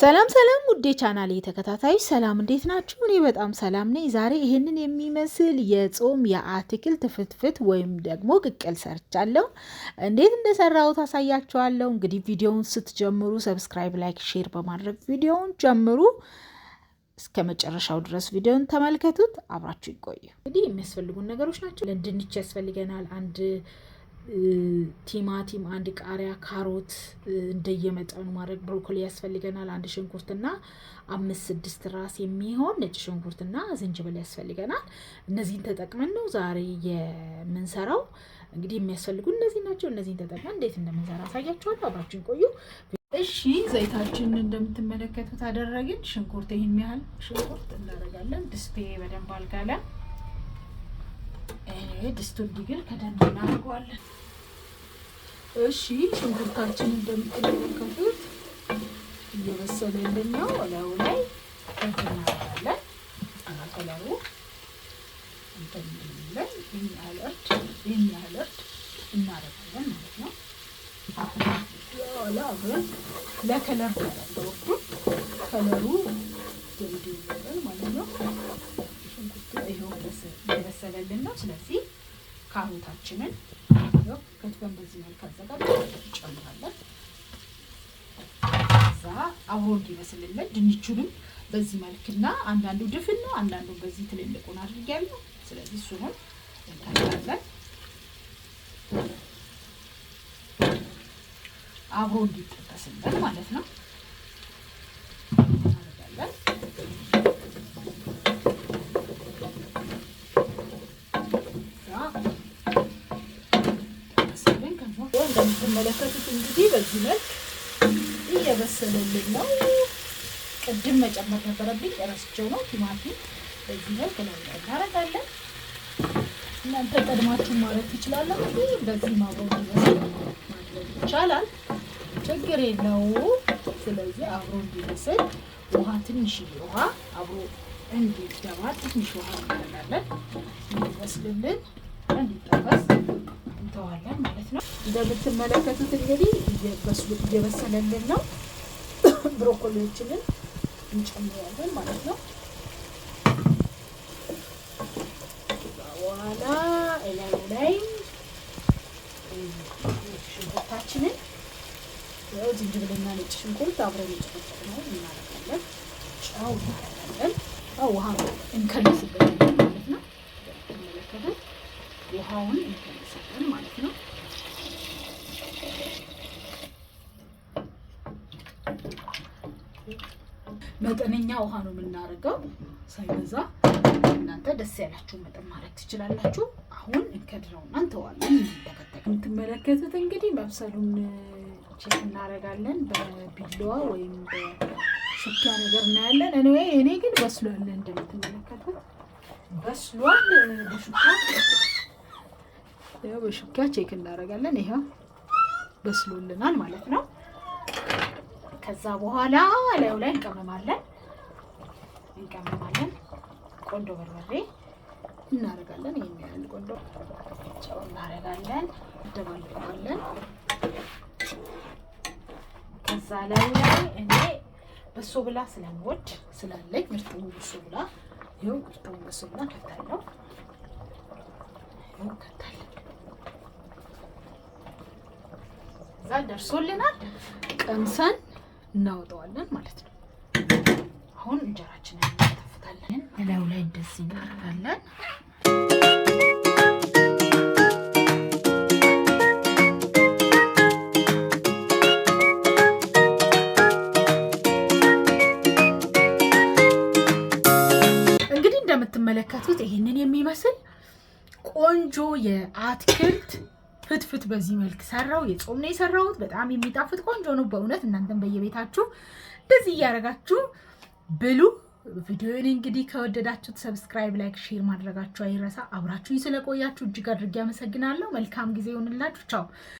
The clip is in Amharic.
ሰላም ሰላም ውዴ ቻናል የተከታታዮች ሰላም እንዴት ናችሁ? እኔ በጣም ሰላም ነኝ። ዛሬ ይህንን የሚመስል የጾም የአትክልት ፍትፍት ወይም ደግሞ ቅቅል ሰርቻለሁ። እንዴት እንደሰራው ታሳያችኋለሁ። እንግዲህ ቪዲዮውን ስትጀምሩ ሰብስክራይብ፣ ላይክ፣ ሼር በማድረግ ቪዲዮውን ጀምሩ። እስከ መጨረሻው ድረስ ቪዲዮን ተመልከቱት። አብራችሁ ይቆዩ። እንግዲህ የሚያስፈልጉን ነገሮች ናቸው። ድንች ያስፈልገናል አንድ ቲማቲም፣ አንድ ቃሪያ፣ ካሮት እንደየመጠኑ ማድረግ ብሮኮሊ ያስፈልገናል። አንድ ሽንኩርትና አምስት ስድስት ራስ የሚሆን ነጭ ሽንኩርትና ዝንጅብል ያስፈልገናል። እነዚህን ተጠቅመን ነው ዛሬ የምንሰራው። እንግዲህ የሚያስፈልጉ እነዚህ ናቸው። እነዚህን ተጠቅመን እንዴት እንደምንሰራ አሳያችኋለሁ። አብራችን ቆዩ። እሺ፣ ዘይታችንን እንደምትመለከቱት አደረግን። ሽንኩርት ይህን ያህል ሽንኩርት እናደርጋለን። ድስቴ በደንብ አልጋለን። ድስቱ እንዲግል ከደንብ እናደርገዋለን። እሺ ሽንኩርታችን እንደምትመለከቱት እየበሰለልን ነው። እላዩ ላይ እናደርጋለን። አናቀላሉ እንተንለን ይህን ያህል ይህን ያህል እናደርጋለን ማለት ነው። ኋላ አብረን ለከለር ከለሩ እንዲውለን ማለት ነው እየሰራልን ነው። ስለዚህ ካሮታችንን ከትፈን በዚህ መልክ አዘጋጅተን እንጨምራለን። እዛ አብሮ እንዲመስልልን ድንቹንም በዚህ መልክና አንዳንዱ ድፍን ነው፣ አንዳንዱ በዚህ ትልልቁን አድርጊያለሁ። ስለዚህ እሱንም እንቀጥላለን አብሮ እንዲጠቀስልን ማለት ነው። እንደምትመለከቱት እንግዲህ በዚህ መልክ እየበሰለልን ነው። ቅድም መጨመር ነበረብኝ እረስቸው ነው። ቲማቲም በዚህ መልክ ላይ እናረጋለን። እናንተ ቀድማችሁ ማለት ትችላላችሁ። በዚህ ማብሮ እንዲበስል ማድረግ ይቻላል፣ ችግር የለው። ስለዚህ አብሮ እንዲበስል ውሃ ትንሽ ውሃ አብሮ እንዲገባ ትንሽ ውሃ እናደርጋለን እንዲበስልልን እንዲጠበስ እንሰራለን ማለት ነው። እንደምትመለከቱት እንግዲህ እየበሰለልን ነው። ብሮኮሊዎችንን እንጨምራለን ማለት ነው። በኋላ እላዩ ላይ ሽንኩርታችንን ያው ዝንጅብልና ነጭ ሽንኩርት አብረን የጨመቅነው እናደርጋለን። ጨው እናደርጋለን። ውሃ እንከልስበታለን ማለት ነው። እንደምትመለከቱት ውሃውን መጠነኛ ውሃ ነው የምናደርገው፣ ሳይበዛ እናንተ ደስ ያላችሁ መጠን ማድረግ ትችላላችሁ። አሁን እንከድረውና እንተዋለን። ተከተል የምትመለከቱት እንግዲህ መብሰሉን ቼክ እናደርጋለን። በቢላዋ ወይም በሽኪያ ነገር እናያለን። እኔ እኔ ግን በስሏል፣ እንደምትመለከቱት በስሏል። በሽኪያ በሽኪያ ቼክ እናደርጋለን። ይኸው በስሎልናል ማለት ነው። ከዛ በኋላ ላዩ ላይ እንቀመማለን እንቀመማለን። ቆንጆ በርበሬ እናደርጋለን። ይሄን ያህል ቆንጆ ጨው እናደርጋለን፣ እንደባልቀዋለን። ከዛ ላዩ ላይ እኔ በሶ ብላ ስለምወድ ስላለኝ እርጥቡ በሶ ብላ ይኸው እርጥቡ በሶ ብላ ከታለው ይኸው ከታለው ከዛ ደርሶልናል ቀምሰን እናወጣዋለን ማለት ነው። አሁን እንጀራችንን እናተፍታለን። እላዩ ላይ እንደዚህ እናደርጋለን። እንደምትመለከቱት ይህንን የሚመስል ቆንጆ የአትክልት ፍትፍት በዚህ መልክ ሰራው። የጾም ነው የሰራሁት። በጣም የሚጣፍጥ ቆንጆ ነው በእውነት። እናንተም በየቤታችሁ እንደዚህ እያደረጋችሁ ብሉ። ቪዲዮን እንግዲህ ከወደዳችሁት ሰብስክራይብ፣ ላይክ፣ ሼር ማድረጋችሁ አይረሳ። አብራችሁኝ ስለቆያችሁ እጅግ አድርጌ አመሰግናለሁ። መልካም ጊዜ ይሆንላችሁ። ቻው